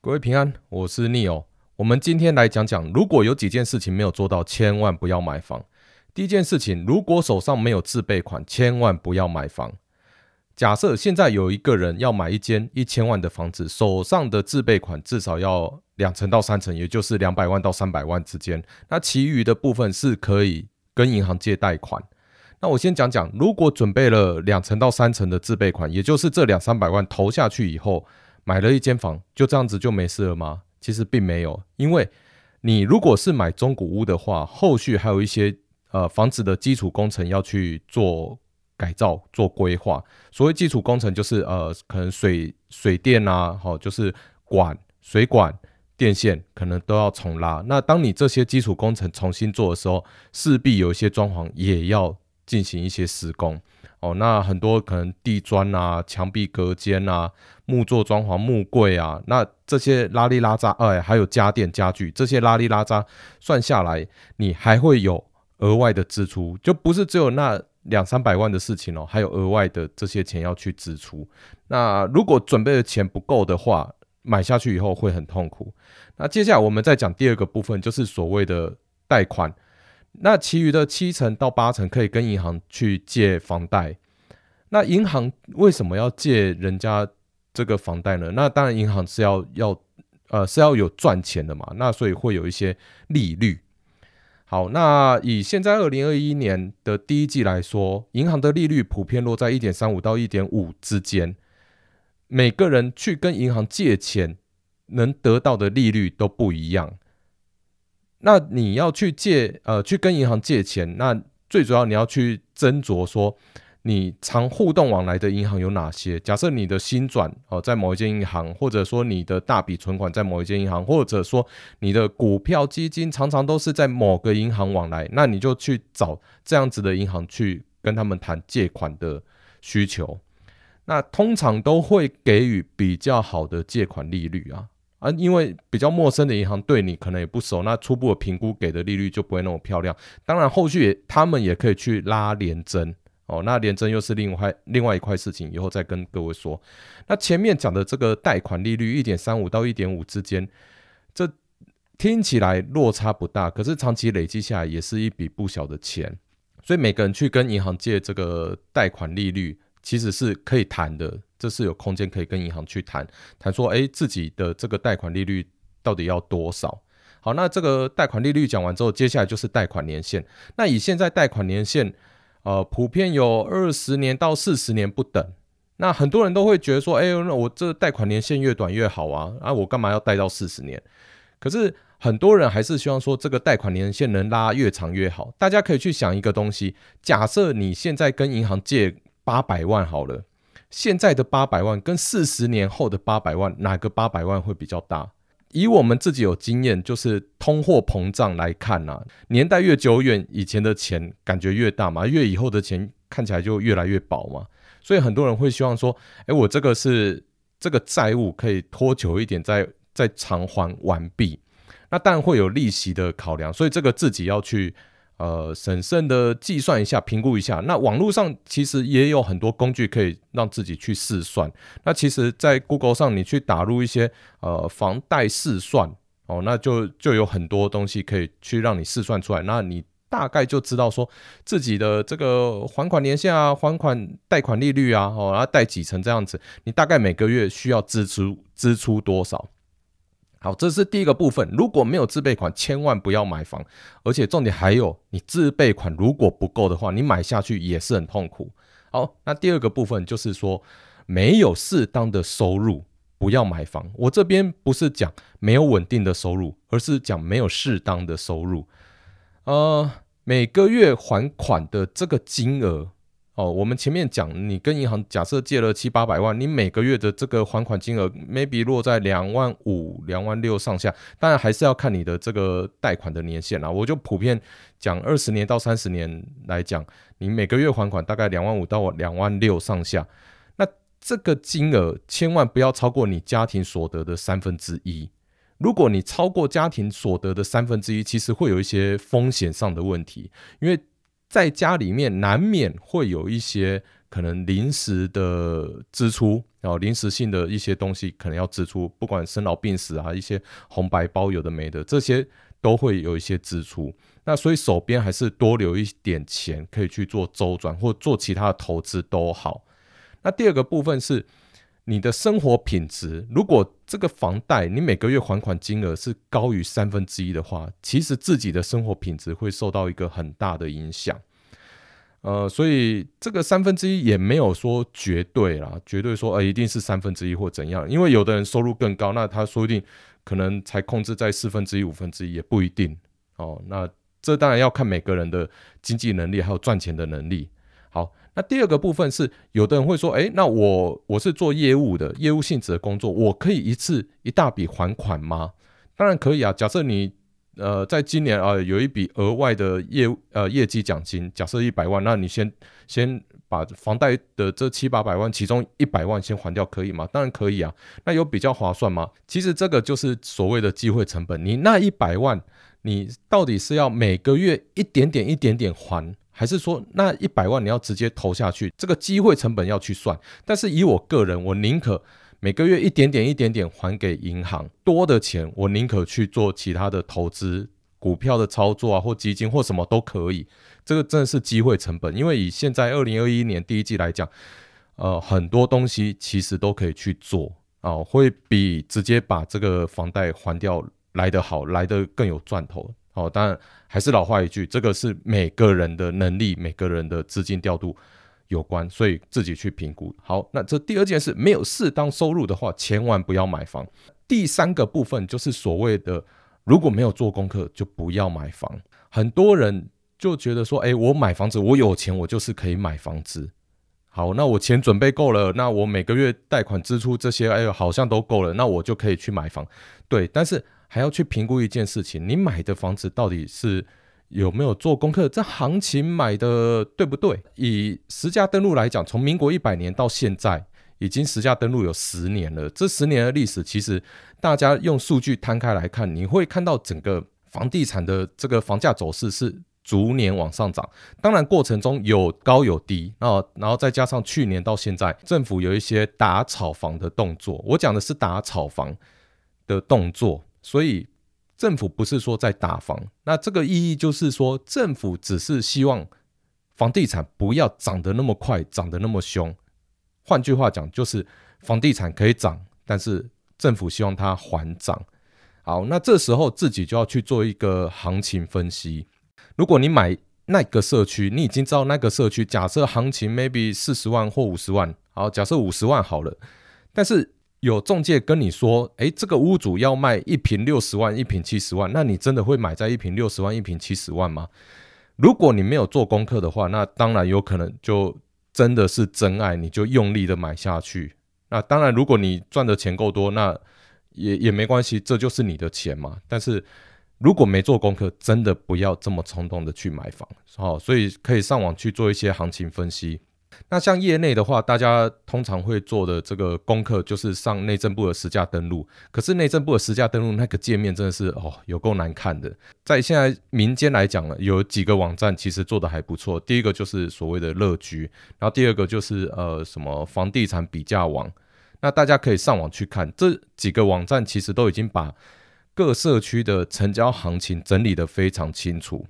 各位平安，我是 Neo。我們今天來講講，如果有幾件事情沒有做到，千萬不要買房。第一件事情，如果手上沒有自備款，千萬不要買房。假設現在有一個人要買一間一千萬的房子，手上的自備款至少要兩成到三成，也就是兩百萬到三百萬之間。那其餘的部分是可以跟銀行借貸款。那我先講講，如果準備了兩成到三成的自備款，也就是這兩三百萬投下去以後。買了一間房，就這樣子就沒事了嗎？其實並沒有，因為你如果是買中古屋的話，後續還有一些呃房子的基礎工程要去做改造、做規劃。所謂基礎工程就是呃，可能水水電啊，吼，就是管水管、電線，可能都要重拉。那當你這些基礎工程重新做的時候，勢必有一些裝潢也要進行一些施工。哦，那很多可能地磚啊、牆壁隔間啊、木作裝潢、木櫃啊，那這些拉里拉扎，哎，還有家電家具這些拉里拉扎，算下來你還會有額外的支出，就不是只有那兩三百萬的事情哦、喔，還有額外的這些錢要去支出。那如果準備的錢不夠的話，買下去以後會很痛苦。那接下來我們再講第二個部分，就是所謂的貸款。那其餘的七成到八成可以跟銀行去借房貸，那銀行為什麼要借人家這個房貸呢？那當然銀行是要要呃是要有賺錢的嘛，那所以會有一些利率。好，那以現在二零二一年的第一季來說，銀行的利率普遍落在一點三五到一點五之間，每個人去跟銀行借錢能得到的利率都不一樣。那你要去借，呃，去跟銀行借錢，那最主要你要去斟酌說，你常互動往來的銀行有哪些？假設你的薪轉哦、呃、在某一間銀行，或者說你的大筆存款在某一間銀行，或者說你的股票基金常常都是在某個銀行往來，那你就去找這樣子的銀行去跟他們談借款的需求，那通常都會給予比較好的借款利率啊。啊，因為比較陌生的銀行對你可能也不熟，那初步的評估給的利率就不會那麼漂亮。當然，後續他們也可以去拉聯徵哦。那聯徵又是另外另外一塊事情，以後再跟各位說。那前面講的這個貸款利率一點三五到一點五之間，這聽起來落差不大，可是長期累積下來也是一筆不小的錢。所以每個人去跟銀行借這個貸款利率，其實是可以談的。這是有空間可以跟銀行去談談，說，哎，自己的這個貸款利率到底要多少？好，那這個貸款利率講完之後，接下來就是貸款年限。那以現在貸款年限，呃，普遍有二十年到四十年不等。那很多人都會覺得說，哎呦，那我這貸款年限越短越好啊，啊，我幹嘛要貸到四十年？可是很多人還是希望說，這個貸款年限能拉越長越好。大家可以去想一個東西，假設你現在跟銀行借八百萬好了。現在的八百萬跟四十年後的八百萬，哪個八百萬會比較大？以我們自己有經驗，就是通貨膨脹來看吶、啊，年代越久遠，以前的錢感覺越大嘛，越以後的錢看起來就越來越薄嘛。所以很多人會希望說，哎，我這個是這個債務可以拖久一點再，再再償還完畢。那當然會有利息的考量，所以這個自己要去。呃，審慎的計算一下，評估一下。那網絡上其實也有很多工具可以讓自己去試算。那其實，在 Google 上你去打入一些呃房貸試算，哦，那就就有很多東西可以去讓你試算出來。那你大概就知道說自己的這個還款年限啊，還款貸款利率啊，哦，然後貸幾成這樣子，你大概每個月需要支出支出多少？好，這是第一個部分。如果沒有自備款，千萬不要買房。而且重點還有，你自備款如果不夠的話，你買下去也是很痛苦。好，那第二個部分就是說，沒有適當的收入不要買房。我這邊不是講沒有穩定的收入，而是講沒有適當的收入。呃，每個月還款的這個金額。哦，我們前面講，你跟銀行假設借了七八百萬，你每個月的這個還款金額 maybe 落在兩萬五、兩萬六上下，當然還是要看你的這個貸款的年限啊。我就普遍講，二十年到三十年來講，你每個月還款大概兩萬五到兩萬六上下，那這個金額千萬不要超過你家庭所得的三分之一。如果你超過家庭所得的三分之一，其實會有一些風險上的問題，因為。在家裡面難免會有一些可能臨時的支出，然後臨時性的一些東西可能要支出，不管生老病死啊，一些紅白包有的沒的，這些都會有一些支出。那所以手邊還是多留一點錢，可以去做周轉或做其他的投資都好。那第二個部分是，你的生活品質，如果這個房貸你每個月還款金額是高於三分之一的話，其實自己的生活品質會受到一個很大的影響。呃，所以這個三分之一也沒有說絕對啦，絕對說呃一定是三分之一或怎樣，因為有的人收入更高，那他說不定可能才控制在四分之一、五分之一也不一定哦。那這當然要看每個人的經濟能力還有賺錢的能力。好。那第二個部分是，有的人會說，哎、欸，那我我是做業務的，業務性質的工作，我可以一次一大筆還款嗎？當然可以啊。假設你呃在今年啊、呃、有一筆額外的業呃業績獎金，假設一百萬，那你先先把房貸的這七八百萬其中一百萬先還掉，可以嗎？當然可以啊。那有比較划算嗎？其實這個就是所謂的機會成本。你那一百萬，你到底是要每個月一點點一點點還？還是說，那一百萬你要直接投下去，這個機會成本要去算。但是以我個人，我寧可每個月一點點、一點點還給銀行，多的錢我寧可去做其他的投資、股票的操作啊，或基金或什麼都可以。這個真的是機會成本，因為以現在二零二一年第一季來講，呃，很多東西其實都可以去做啊，呃，會比直接把這個房貸還掉來得好，來得更有賺頭。哦，當然還是老話一句，這個是每個人的能力、每個人的資金調度有關，所以自己去評估。好，那這第二件事，沒有適當收入的話，千萬不要買房。第三個部分就是所謂的，如果沒有做功課，就不要買房。很多人就覺得說，欸，我買房子，我有錢，我就是可以買房子。好，那我錢準備夠了，那我每個月貸款支出這些，哎呦，好像都夠了，那我就可以去買房。對，但是。還要去評估一件事情：你買的房子到底是有沒有做功課？這行情買的對不對？以實價登錄來講，從民國一百年到現在，已經實價登錄有十年了。這十年的歷史，其實大家用數據攤開來看，你會看到整個房地產的這個房價走勢是逐年往上漲。當然過程中有高有低啊，然後再加上去年到現在，政府有一些打炒房的動作。我講的是打炒房的動作。所以政府不是說在打房，那這個意義就是說，政府只是希望房地產不要漲得那麼快，漲得那麼凶。換句話講，就是房地產可以漲，但是政府希望它緩漲。好，那這時候自己就要去做一個行情分析。如果你買那個社區，你已經知道那個社區，假設行情 maybe 四十萬或五十萬，好，假設五十萬好了，但是。有仲介跟你說，誒、欸，這個屋主要賣一坪六十萬，一坪七十萬，那你真的會買在一坪六十萬，一坪七十萬嗎？如果你沒有做功課的話，那當然有可能就真的是真愛，你就用力的買下去。那當然，如果你賺的錢夠多，那也也沒關係，這就是你的錢嘛。但是如果沒做功課，真的不要這麼衝動的去買房。哦，所以可以上網去做一些行情分析。那像業內的話，大家通常會做的這個功課就是上內政部的實價登錄。可是內政部的實價登錄那個界面，真的是哦有夠難看的。在現在民間來講呢，有幾個網站其實做得還不錯。第一個就是所謂的樂居，然後第二個就是呃什麼房地產比價網。那大家可以上網去看，這幾個網站其實都已經把各社區的成交行情整理得非常清楚。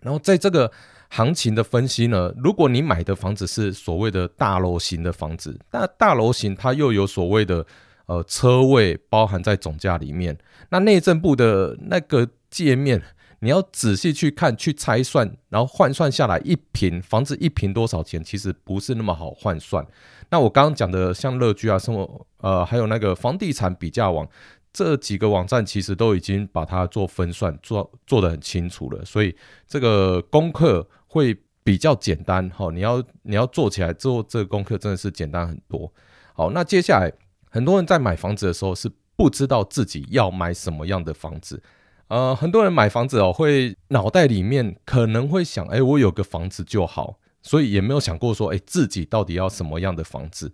然後在這個行情的分析呢，如果你買的房子是所謂的大樓型的房子，那大樓型它又有所謂的呃車位包含在總價裡面。那內政部的那個界面，你要仔細去看，去拆算，然後換算下來一平房子一平多少錢，其實不是那麼好換算。那我剛剛講的像樂居啊，什麼呃，還有那個房地產比價網，這幾個網站其實都已經把它做分算，做做得很清楚了。所以這個功課會比較簡單，你要你要做起來做這個功課真的是簡單很多。好，那接下來很多人在買房子的時候，是不知道自己要買什麼樣的房子，呃，很多人買房子哦會腦袋裡面可能會想，哎，我有個房子就好，所以也沒有想過說，哎，自己到底要什麼樣的房子。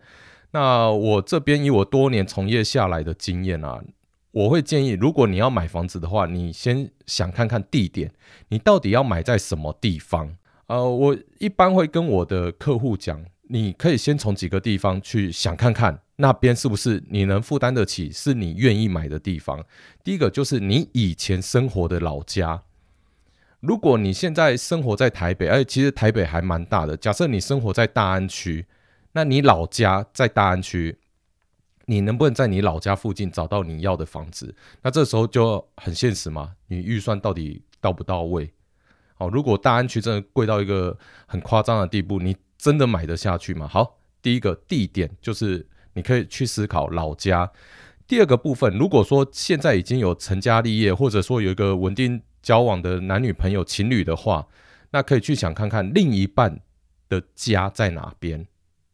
那我這邊以我多年從業下來的經驗啊，我會建議，如果你要買房子的話，你先想看看地點，你到底要買在什麼地方。呃，我一般會跟我的客戶講，你可以先從幾個地方去想看看，那邊是不是你能負擔得起，是你願意買的地方。第一個就是你以前生活的老家，如果你現在生活在台北，而且其實台北還蠻大的。假設你生活在大安區，那你老家在大安區，你能不能在你老家附近找到你要的房子？那這時候就很現實嘛，你預算到底到不到位？如果大安區真的貴到一個很誇張的地步，你真的買得下去嗎？好，第一個地點就是你可以去思考老家。第二個部分，如果說現在已經有成家立業，或者說有一個穩定交往的男女朋友情侶的話，那可以去想看看另一半的家在哪邊。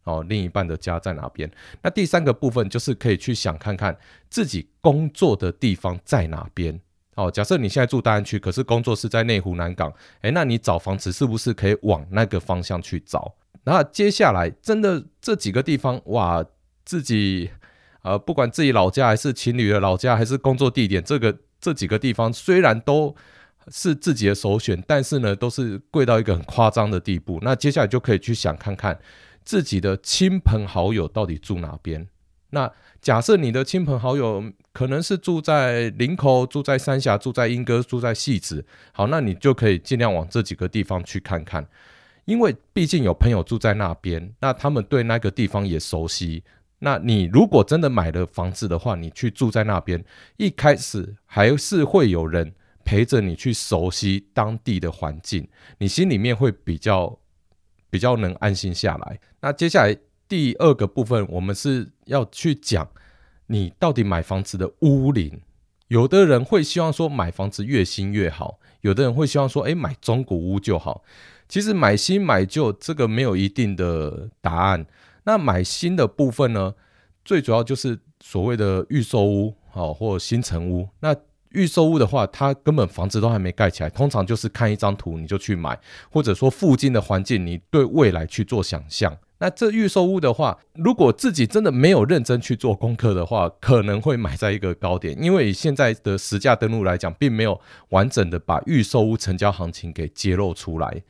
哦，另一半的家在哪邊？那第三個部分就是可以去想看看自己工作的地方在哪邊。哦，假設你現在住大安區，可是工作是在內湖南港，哎、欸，那你找房子是不是可以往那個方向去找？那接下來真的這幾個地方哇，自己呃不管自己老家還是情侶的老家，還是工作地點，這個這幾個地方雖然都是自己的首選，但是呢，都是貴到一個很誇張的地步。那接下來就可以去想看看自己的親朋好友到底住哪邊。那假設你的親朋好友可能是住在林口、住在三峽、住在鶯歌、住在汐止，好，那你就可以盡量往這幾個地方去看看，因為畢竟有朋友住在那邊，那他們對那個地方也熟悉。那你如果真的買了房子的話，你去住在那邊，一開始還是會有人陪着你去熟悉當地的環境，你心裡面會比較比較能安心下來。那接下來。第二個部分，我們是要去講你到底買房子的屋齡。有的人會希望說買房子越新越好，有的人會希望說，誒，買中古屋就好。其實買新買舊這個沒有一定的答案。那買新的部分呢，最主要就是所謂的預售屋，好，或新成屋。那預售屋的話，它根本房子都還沒蓋起來，通常就是看一張圖你就去買，或者說附近的環境，你對未來去做想象。那這預售屋的話，如果自己真的沒有認真去做功課的話，可能會買在一個高點，因為以現在的實價登錄來講，並沒有完整的把預售屋成交行情給揭露出來。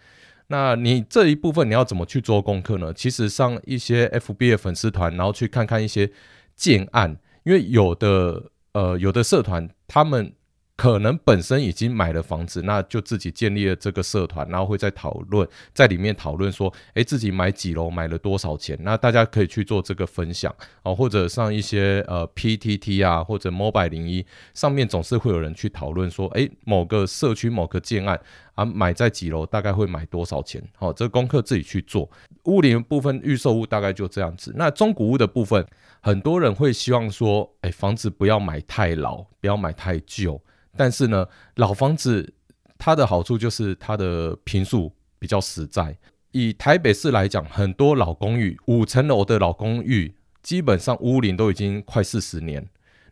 那你這一部分你要怎麼去做功課呢？其實上一些 F B A 粉絲團，然後去看看一些建案，因為有的呃有的社團他們。可能本身已經買了房子，那就自己建立了這個社團，然後會在討論，在裡面討論說，哎，自己買幾樓，買了多少錢，那大家可以去做這個分享哦，或者上一些呃 PTT 啊，或者 Mobile 01，上面總是會有人去討論說，哎，某個社區某個建案。啊、買在幾樓大概會買多少錢？好，這個功課自己去做。屋齡部分預售屋大概就這樣子。那中古屋的部分，很多人會希望說，哎、欸，房子不要買太老，不要買太舊。但是呢，老房子它的好處就是它的坪數比較實在。以台北市來講，很多老公寓，五層樓的老公寓，基本上屋齡都已經快四十年；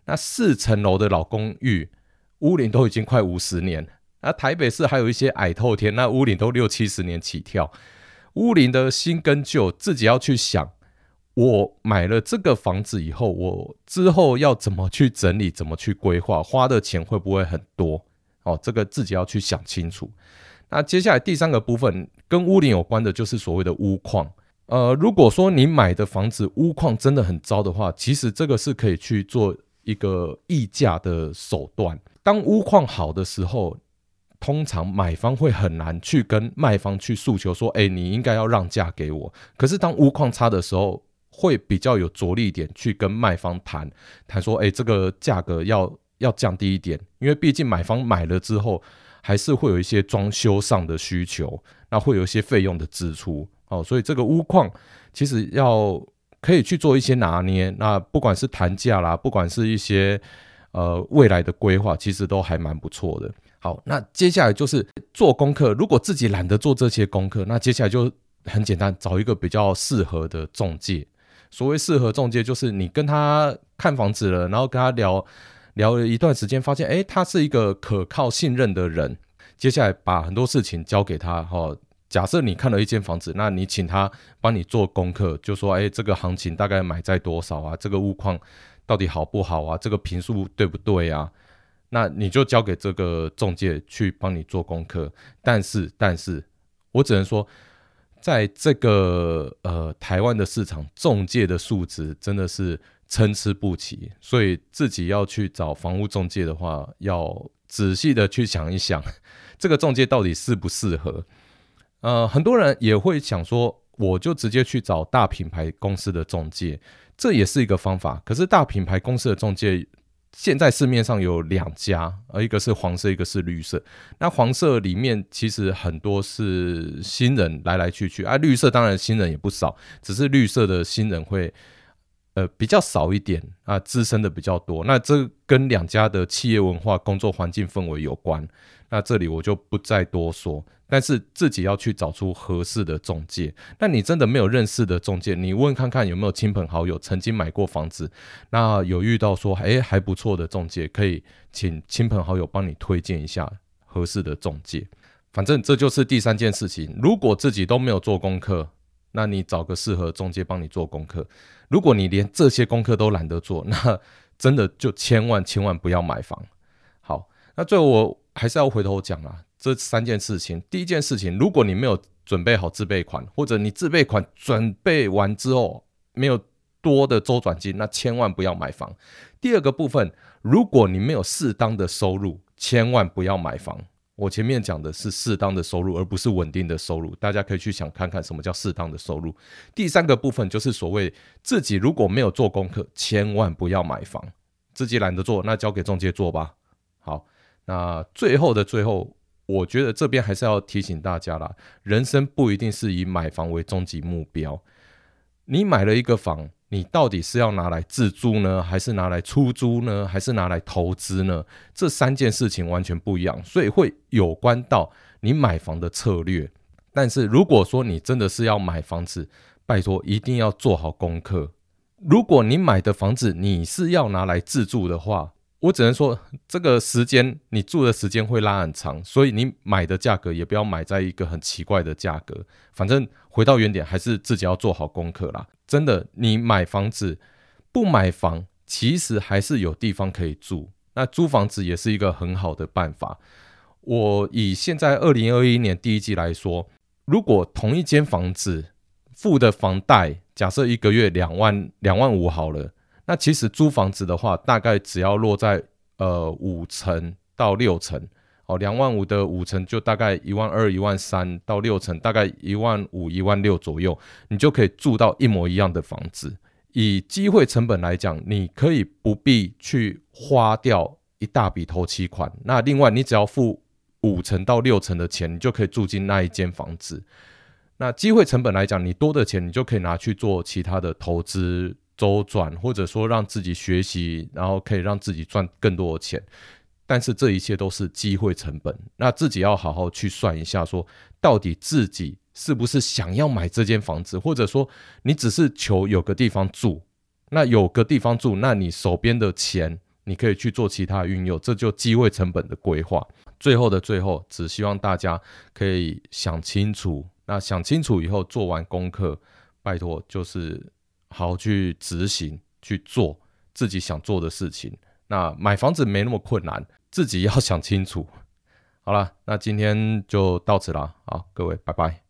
那四層樓的老公寓，屋齡都已經快五十年。那台北市還有一些矮透天，那屋齡都六七十年起跳，屋齡的新跟舊自己要去想。我買了這個房子以後，我之後要怎麼去整理，怎麼去規劃，花的錢會不會很多？哦，這個自己要去想清楚。那接下來第三個部分跟屋齡有關的就是所謂的屋況。呃，如果說你買的房子屋況真的很糟的話，其實這個是可以去做一個議價的手段。當屋況好的時候，通常買方會很難去跟賣方去訴求說，哎、欸，你應該要讓價給我。可是當屋況差的時候，會比較有着力點去跟賣方談談說，哎、欸，這個價格要要降低一點，因為畢竟買方買了之後，還是會有一些裝修上的需求，那會有一些費用的支出哦。所以這個屋況其實要可以去做一些拿捏。那不管是談價啦，不管是一些呃未來的規劃，其實都還蠻不錯的。好，那接下來就是做功課。如果自己懶得做這些功課，那接下來就很簡單，找一個比較適合的中介。所謂適合中介，就是你跟他看房子了，然後跟他聊聊了一段時間，發現哎、欸，他是一個可靠、信任的人。接下來把很多事情交給他。哈、哦，假設你看了一間房子，那你請他幫你做功課，就說哎、欸，這個行情大概買在多少啊？這個物況到底好不好啊？這個坪數對不對啊？那你就交給這個仲介去幫你做功課，但是，但是我只能說，在這個呃台灣的市場，仲介的素質真的是參差不齊，所以自己要去找房屋仲介的話，要仔細的去想一想，這個仲介到底適不適合。呃，很多人也會想說，我就直接去找大品牌公司的仲介，這也是一個方法，可是大品牌公司的仲介。現在市面上有兩家，呃，一個是黃色，一個是綠色。那黃色裡面其實很多是新人來來去去，啊，綠色當然新人也不少，只是綠色的新人會，呃，比較少一點啊，資深的比較多。那這跟兩家的企業文化、工作環境氛圍有關。那這裡我就不再多說，但是自己要去找出合適的仲介。那你真的沒有認識的仲介，你問看看有沒有親朋好友曾經買過房子，那有遇到說哎、欸、還不錯的仲介，可以請親朋好友幫你推薦一下合適的仲介。反正這就是第三件事情。如果自己都沒有做功課，那你找個適合仲介幫你做功課。如果你連這些功課都懶得做，那真的就千萬千萬不要買房。好，那最後我。還是要回頭講啊，這三件事情。第一件事情，如果你沒有準備好自備款，或者你自備款準備完之後沒有多的週轉金，那千萬不要買房。第二個部分，如果你沒有適當的收入，千萬不要買房。我前面講的是適當的收入，而不是穩定的收入。大家可以去想看看什麼叫適當的收入。第三個部分就是所謂自己如果沒有做功課，千萬不要買房。自己懶得做，那交給仲介做吧。那最後的最後，我覺得這邊還是要提醒大家啦，人生不一定是以買房為終極目標。你買了一個房，你到底是要拿來自住呢，還是拿來出租呢，還是拿來投資呢？這三件事情完全不一樣，所以會有關到你買房的策略。但是如果說你真的是要買房子，拜托一定要做好功課。如果你買的房子你是要拿來自住的話，我只能說，這個時間你住的時間會拉很長，所以你買的價格也不要買在一個很奇怪的價格。反正回到原點，還是自己要做好功課啦。真的，你買房子不買房，其實還是有地方可以住。那租房子也是一個很好的辦法。我以現在二零二一年第一季來說，如果同一間房子付的房貸，假設一個月兩萬兩萬五好了。那其實租房子的話，大概只要落在呃五成到六成，好，兩萬五的五成就大概一萬二、一萬三到六成，大概一萬五、一萬六左右，你就可以住到一模一樣的房子。以機會成本來講，你可以不必去花掉一大筆頭期款。那另外，你只要付五成到六成的錢，你就可以住進那一間房子。那機會成本來講，你多的錢你就可以拿去做其他的投資。周轉，或者說讓自己學習，然後可以讓自己賺更多的錢，但是這一切都是機會成本。那自己要好好去算一下說，說到底自己是不是想要買這間房子，或者說你只是求有個地方住。那有個地方住，那你手邊的錢你可以去做其他運用，這就機會成本的規劃。最後的最後，只希望大家可以想清楚。那想清楚以後，做完功課，拜托就是。好去執行，去做自己想做的事情。那買房子沒那麼困難，自己要想清楚。好了，那今天就到此啦。好，各位，拜拜。